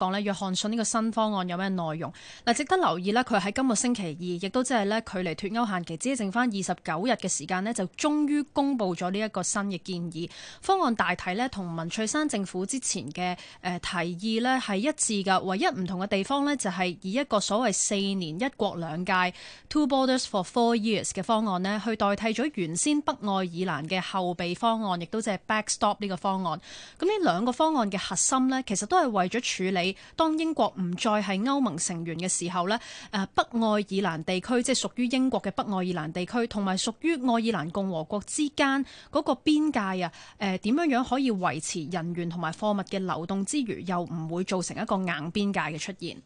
講咧約翰遜呢個新方案有咩內容嗱？值得留意呢，佢喺今個星期二，亦都即係咧，距離脫歐限期只剩翻二十九日嘅時間呢，就終於公布咗呢一個新嘅建議方案。大體呢，同文翠山政府之前嘅誒提議呢係一致噶，唯一唔同嘅地方呢，就係以一個所謂四年一國兩界 （two borders for four years） 嘅方案呢，去代替咗原先北愛爾蘭嘅後備方案，亦都即係 backstop 呢個方案。咁呢兩個方案嘅核心呢，其實都係為咗處理。當英國唔再係歐盟成員嘅時候咧，誒北愛爾蘭地區即係屬於英國嘅北愛爾蘭地區，同埋屬於愛爾蘭共和國之間嗰個邊界啊，誒點樣樣可以維持人員同埋貨物嘅流動之餘，又唔會造成一個硬邊界嘅出現？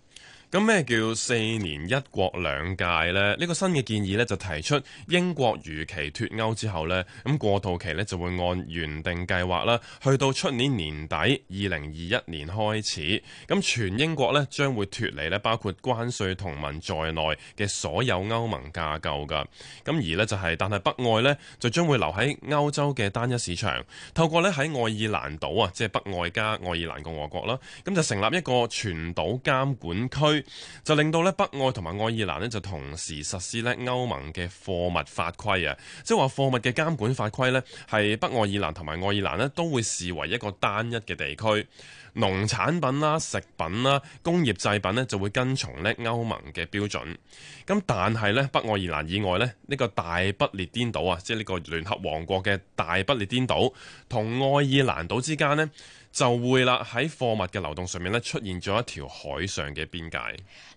咁咩叫四年一國兩界呢？呢個新嘅建議呢，就提出英國如期脱歐之後呢，咁過渡期呢，就會按原定計劃啦，去到出年年底二零二一年開始，咁全英國呢，將會脱離呢包括關稅同盟在內嘅所有歐盟架構噶。咁而呢，就係，但係北愛呢，就將會留喺歐洲嘅單一市場，透過呢喺愛爾蘭島啊，即係北愛加愛爾蘭共和國啦，咁就成立一個全島監管區。就令到咧北愛同埋愛爾蘭咧就同時實施咧歐盟嘅貨物法規啊，即係話貨物嘅監管法規咧係北愛爾蘭同埋愛爾蘭咧都會視為一個單一嘅地區，農產品啦、食品啦、工業製品咧就會跟從咧歐盟嘅標準。咁但係咧北愛爾蘭以外咧呢個大不列顛島啊，即係呢個聯合王國嘅大不列顛島同愛爾蘭島之間咧就會啦，喺貨物嘅流動上面咧，出現咗一條海上嘅邊界。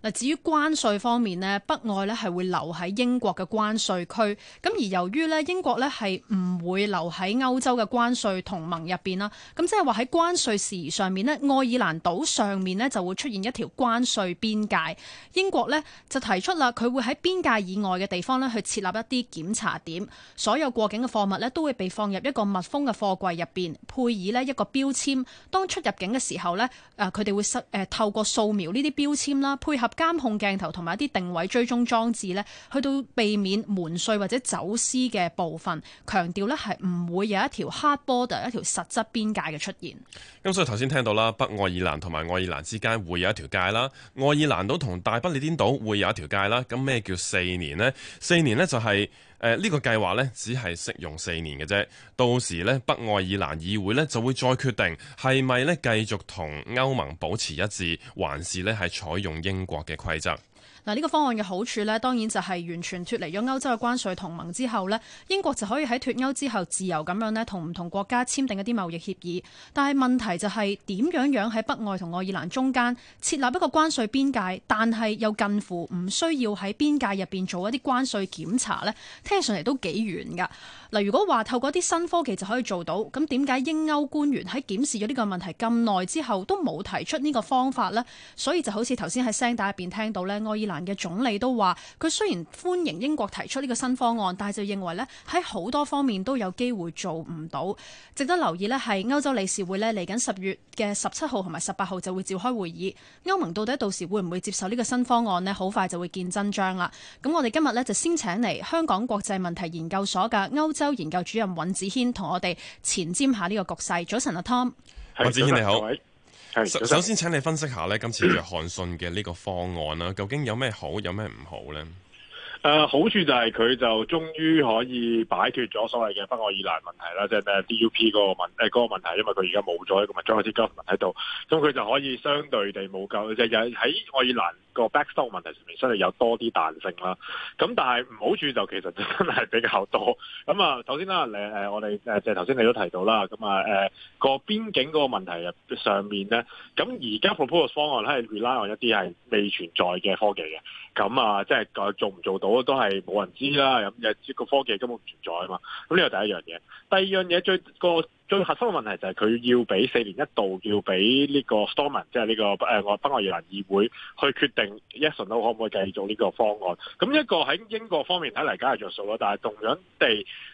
嗱，至於關稅方面咧，北愛咧係會留喺英國嘅關稅區。咁而由於咧英國咧係唔會留喺歐洲嘅關稅同盟入邊啦，咁即係話喺關稅事宜上面咧，愛爾蘭島上面咧就會出現一條關稅邊界。英國呢就提出啦，佢會喺邊界以外嘅地方咧去設立一啲檢查點，所有過境嘅貨物咧都會被放入一個密封嘅貨櫃入邊，配以咧一個標籤。當出入境嘅時候呢誒，佢哋會掃，誒，透過掃描呢啲標籤啦，配合監控鏡頭同埋一啲定位追蹤裝置呢，去到避免瞞稅或者走私嘅部分，強調呢係唔會有一條 hard border 一條實質邊界嘅出現。咁、嗯、所以頭先聽到啦，北愛爾蘭同埋愛爾蘭之間會有一條界啦，愛爾蘭島同大不列顛島會有一條界啦。咁咩叫四年呢？四年呢就係、是。誒呢個計劃咧，只係適用四年嘅啫。到時咧，北愛爾蘭議會咧就會再決定係咪咧繼續同歐盟保持一致，還是咧係採用英國嘅規則。嗱，呢個方案嘅好處呢，當然就係完全脫離咗歐洲嘅關稅同盟之後呢，英國就可以喺脫歐之後自由咁樣呢，同唔同國家簽訂一啲貿易協議。但係問題就係點樣樣喺北愛同愛爾蘭中間設立一個關稅邊界，但係又近乎唔需要喺邊界入面做一啲關稅檢查呢？聽起上嚟都幾遠㗎。嗱，如果話透過啲新科技就可以做到，咁點解英歐官員喺檢視咗呢個問題咁耐之後都冇提出呢個方法呢？所以就好似頭先喺聲帶入邊聽到呢，愛爾蘭嘅總理都話，佢雖然歡迎英國提出呢個新方案，但係就認為呢喺好多方面都有機會做唔到。值得留意呢係歐洲理事會呢嚟緊十月嘅十七號同埋十八號就會召開會議，歐盟到底到時會唔會接受呢個新方案呢？好快就會見真章啦。咁我哋今日呢就先請嚟香港國際問題研究所嘅歐州研究主任尹子軒同我哋前瞻下呢個局勢。早晨阿 Tom 尹子軒你好。首先請你分析下呢今次約翰遜嘅呢個方案啦， 究竟有咩好，有咩唔好呢？誒、呃、好處就係佢就終於可以擺脫咗所謂嘅北愛爾蘭問題啦，即、就、係、是、咩 DUP 嗰個問題，因為佢而家冇咗一個 majority government 喺度，咁佢就可以相對地冇夠，即係喺愛爾蘭個 backstop 問題上面，真係有多啲彈性啦。咁但係唔好處就其實真係比較多。咁啊，首先啦，呃、我哋誒就係頭先你都提到啦，咁啊個、呃、邊境嗰個問題上面咧，咁而家 proposed 方案咧係 rely on 一啲係未存在嘅科技嘅，咁啊，即、就、係、是、做唔做到？都係冇人知啦，咁又呢個科技根本唔存在啊嘛。咁呢個第一樣嘢，第二樣嘢最個最核心嘅問題就係佢要俾四年一度，要俾呢個 Stormont 即係呢、呢個誒愛北愛爾蘭議會去決定。Yes or No 可唔可以繼續呢個方案？咁一個喺英國方面睇嚟梗係着數啦，但係同樣地，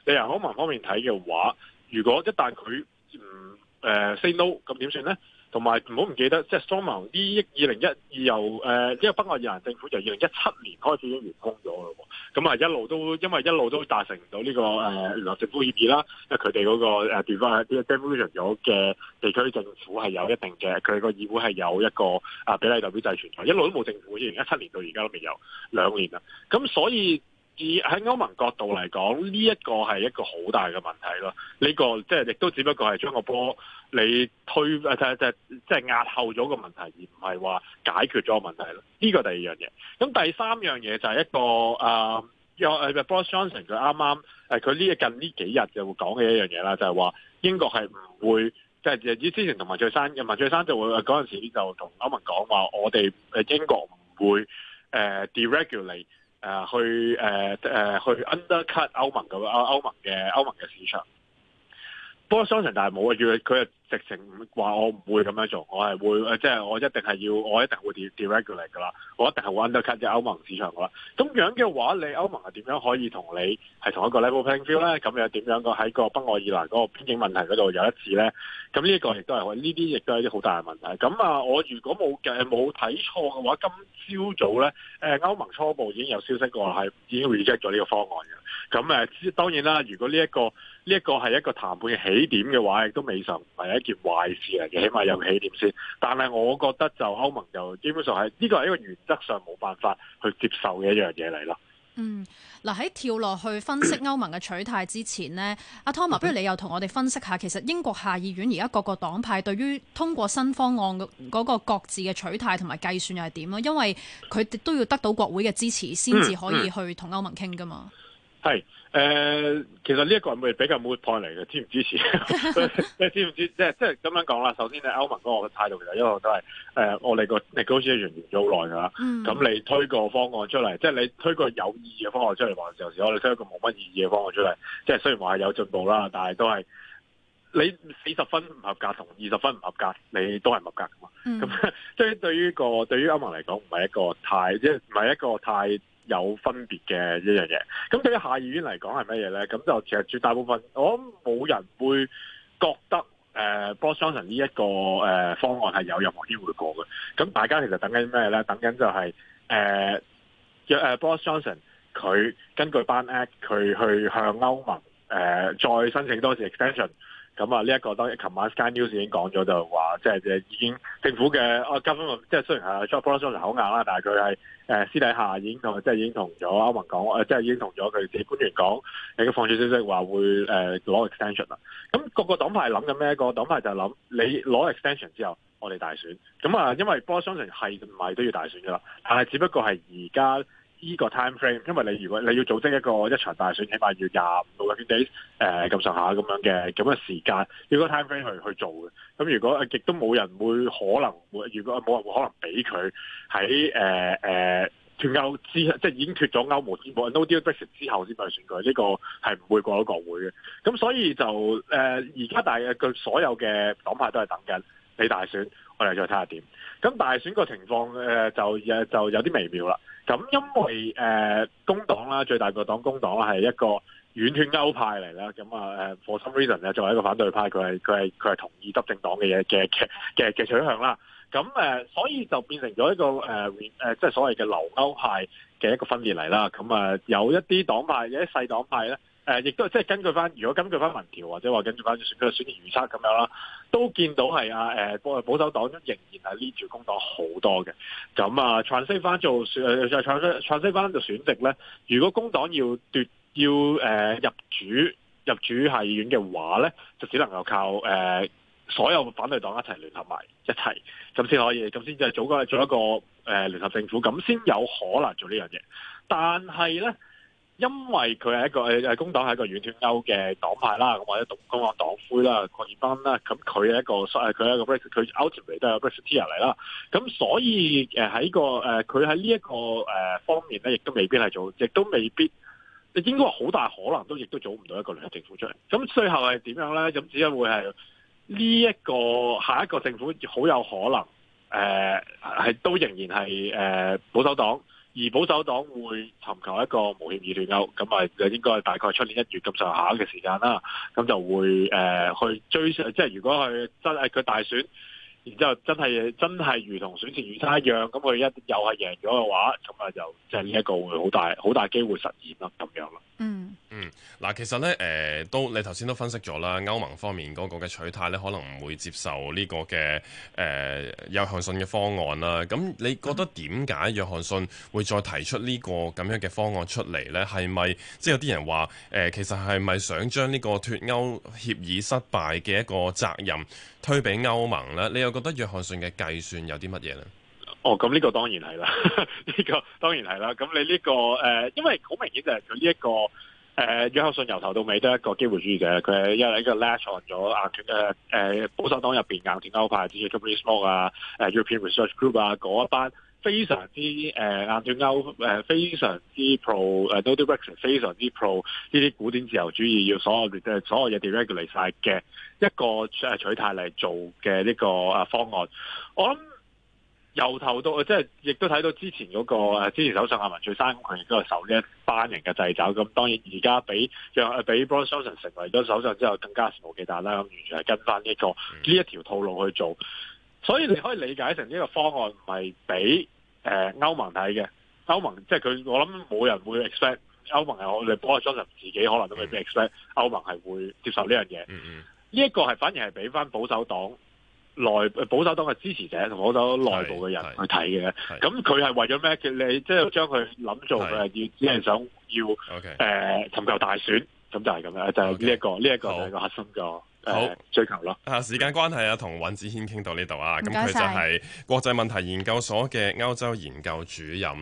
你喺歐盟方面睇嘅話，如果一旦佢唔誒 say no，咁點算咧？同埋唔好唔記得，即係蘇盟啲億二零一由誒、呃，因為北愛爾蘭政府就二零一七年開始已經完工咗咯，咁啊一路都因為一路都達成唔到呢個誒聯合政府協議啦，因為佢哋嗰個誒變翻啲 devolution 咗嘅地區政府係有一定嘅，佢個議會係有一個啊比例代表制存在，一路都冇政府，二零一七年到而家都未有兩年啦，咁所以。喺歐盟角度嚟講，呢、這個、一個係一個好大嘅問題咯。呢、這個即係亦都只不過係將個波你推啊即係即係壓後咗個問題，而唔係話解決咗個問題咯。呢、這個第二樣嘢。咁第三樣嘢就係一個啊，又、啊、誒 Johnson 佢啱啱誒佢呢近呢幾日就會講嘅一樣嘢啦，就係、是、話英國係唔會即係之前同文翠珊，文翠珊就會嗰陣時就同歐盟講話，我哋誒英國唔會誒 deregulate 誒去誒誒、呃、去 undercut 歐，歐，歐盟嗰個歐盟嘅歐盟嘅市場，不過商場但係冇啊，叫佢，佢啊。直情話我唔會咁樣做，我係會即係、就是、我一定係要，我一定會 d e r e g u l a e 噶啦，我一定係會 undercut 歐盟市場噶啦。咁樣嘅話，你歐盟係點樣可以同你係同一個 level playing field 咧？咁又點樣個喺個不外而來嗰個邊境問題嗰度有一次咧？咁呢一個亦都係呢啲亦都係一啲好大嘅問題。咁啊，我如果冇嘅冇睇錯嘅話，今朝早咧，誒歐盟初步已經有消息過係已經 reject 咗呢個方案嘅。咁誒，當然啦，如果呢、這、一個呢一、這個係一個談判嘅起點嘅話，亦都未嘗唔係一件壞事嚟嘅，起碼有起點先。但係我覺得就歐盟就基本上係呢個係一個原則上冇辦法去接受嘅一樣嘢嚟咯。嗯，嗱喺跳落去分析歐盟嘅取態之前呢，阿 Tom 不如你又同我哋分析下，其實英國下議院而家各個黨派對於通過新方案嗰嗰個各自嘅取態同埋計算又係點咧？因為佢哋都要得到國會嘅支持，先至可以去同歐盟傾噶嘛。 係誒、呃，其實呢一個係比較冇 point 嚟嘅，支唔支持？ 你支唔支？即係即係咁樣講啦。首先，你歐盟嗰個態度其實因為我都係誒、呃，我哋個你公司係完咗好耐噶啦。咁、嗯、你推個方案出嚟，嗯、即係你推個有意義嘅方案出嚟話嘅時候，時我哋推一個冇乜意義嘅方案出嚟，即係雖然話係有進步啦，嗯、但係都係你四十分唔合格同二十分唔合格，你都係唔合格噶嘛？咁、嗯、即係對於個對於歐盟嚟講，唔係一個太即係唔係一個太。即不是一個太有分別嘅一樣嘢，咁對於下議院嚟講係乜嘢咧？咁就其實絕大部分，我諗冇人會覺得誒 Boris Johnson 呢一個誒方案係有任何機會過嘅。咁大家其實等緊咩咧？等緊就係誒約誒 Boris Johnson 佢根據班 Act 佢去向歐盟誒、呃、再申請多次 extension。咁啊，呢一、個當琴晚 Sky News 已經講咗，就話即係誒已經政府嘅啊金即係雖然係 Boris Johnson 口硬啦，但係佢係誒私底下已經同即係已經同咗歐盟講即係已經同咗佢自己官員講誒放住消息話會誒攞 extension 啦。咁各個黨派諗緊咩？個黨派就諗你攞 extension 之後，我哋大選咁啊。因為 Boris Johnson 係唔係都要大選噶啦？但係只不過係而家。呢個 time frame，因為你如果你要組織一個一場大選，起碼要廿五到六 days，誒咁上下咁樣嘅咁嘅時間，要個 time frame 去去做嘅。咁如果亦都冇人會可能會，如果冇人會可能俾佢喺誒誒脫歐之，即係已經脫咗歐盟，no deal Brexit 之後先去選舉，呢、這個係唔會過一國會嘅。咁所以就誒而家，呃、大係佢所有嘅黨派都係等緊你大選，我哋再睇下點。咁大選個情況誒、呃，就有就有啲微妙啦。咁、嗯、因為誒、呃、工黨啦，最大個黨工黨係一個遠端歐派嚟啦，咁啊誒，for some reason 咧，作為一個反對派，佢係佢係佢係同意執政黨嘅嘢嘅嘅嘅嘅取向啦。咁、嗯、誒，所以就變成咗一個誒誒、呃呃，即係所謂嘅留歐派嘅一個分裂嚟啦。咁、嗯、啊、嗯，有一啲黨派，有啲細黨派咧。誒，亦都即係根據翻，如果根據翻民調或者話根據翻選舉嘅選情預測咁樣啦，都見到係啊誒保保守黨仍然係 lead 住工黨好多嘅。咁啊，translate 翻做誒再 translate translate 翻做選席咧，如果工黨要奪要誒、呃、入主入主下議院嘅話咧，就只能夠靠誒、呃、所有反對黨一齊聯合埋一齊，咁先可以，咁先就組個做一個誒、呃、聯合政府，咁先有可能做呢樣嘢。但係咧。因為佢係一個公工黨係一個軟斷歐嘅黨派啦，咁或者獨工黨黨魁啦，郭爾班啦，咁佢係一個，佢係一個 break，佢 o u t 都係 brexit 嚟啦。咁所以誒喺、這個誒佢喺呢一個方面咧，亦都未必係做，亦都未必，應該好大可能都亦都做唔到一個聯合政府出嚟。咁最後係點樣咧？咁只會係呢一個下一個政府好有可能係、呃、都仍然係、呃、保守黨。而保守黨會尋求一個無協議脫歐，咁啊就應該大概出年一月咁上下嘅時間啦，咁就會誒去追，即係如果佢真係佢大選，然之後真係真係如同選前預測一樣，咁佢一又係贏咗嘅話，咁啊就即係呢一個會好大好大機會實現啦，咁樣咯。嗯。嗱，其實咧，誒，都你頭先都分析咗啦，歐盟方面嗰個嘅取態咧，可能唔會接受呢個嘅誒約翰遜嘅方案啦。咁你覺得點解約翰遜會再提出呢個咁樣嘅方案出嚟咧？係咪即係有啲人話誒，其實係咪想將呢個脱歐協議失敗嘅一個責任推俾歐盟咧？你又覺得約翰遜嘅計算有啲乜嘢咧？哦，咁呢個當然係啦，呢個當然係啦。咁你呢個誒，因為好明顯就係佢呢一個。誒約翰遜由頭到尾都係一個機會主義者，佢係因為一個 latch on 咗硬斷嘅，誒保守黨入邊硬斷歐派，比如 Kempislaw 啊、誒 European Research Group 啊嗰一班非常之誒、呃、硬斷歐誒非常之 pro 誒、呃、No Deal Brexit 非常之 pro 呢啲古典自由主義要所有嘅所有嘢 directly 曬嘅一個取態嚟做嘅呢個啊方案，我諗。由頭到，即係亦都睇到之前嗰、那個之前首相阿文翠珊佢亦都係受呢一班人嘅掣肘。咁當然而家畀讓 Boris Johnson 成為咗首相之後，更加肆無忌憚啦。咁完全係跟翻呢、這個呢一條套路去做。所以你可以理解成呢個方案唔係俾誒歐盟睇嘅。歐盟即係佢，我諗冇人會 expect 歐盟係我哋 Boris Johnson 自己可能都會 expect 歐、mm hmm. 盟係會接受呢樣嘢。嗯，呢一個係反而係俾翻保守黨。內保守黨嘅支持者同好多內部嘅人去睇嘅，咁佢係為咗咩？嘅？你即係將佢諗做佢係是要只係是想要，誒尋 okay,、呃、求大選，咁就係、是、咁樣，就係呢一個呢 okay, 一個核心嘅追求咯。啊，時間關係啊，同尹子軒傾到呢度啊，咁佢就係國際問題研究所嘅歐洲研究主任。謝謝。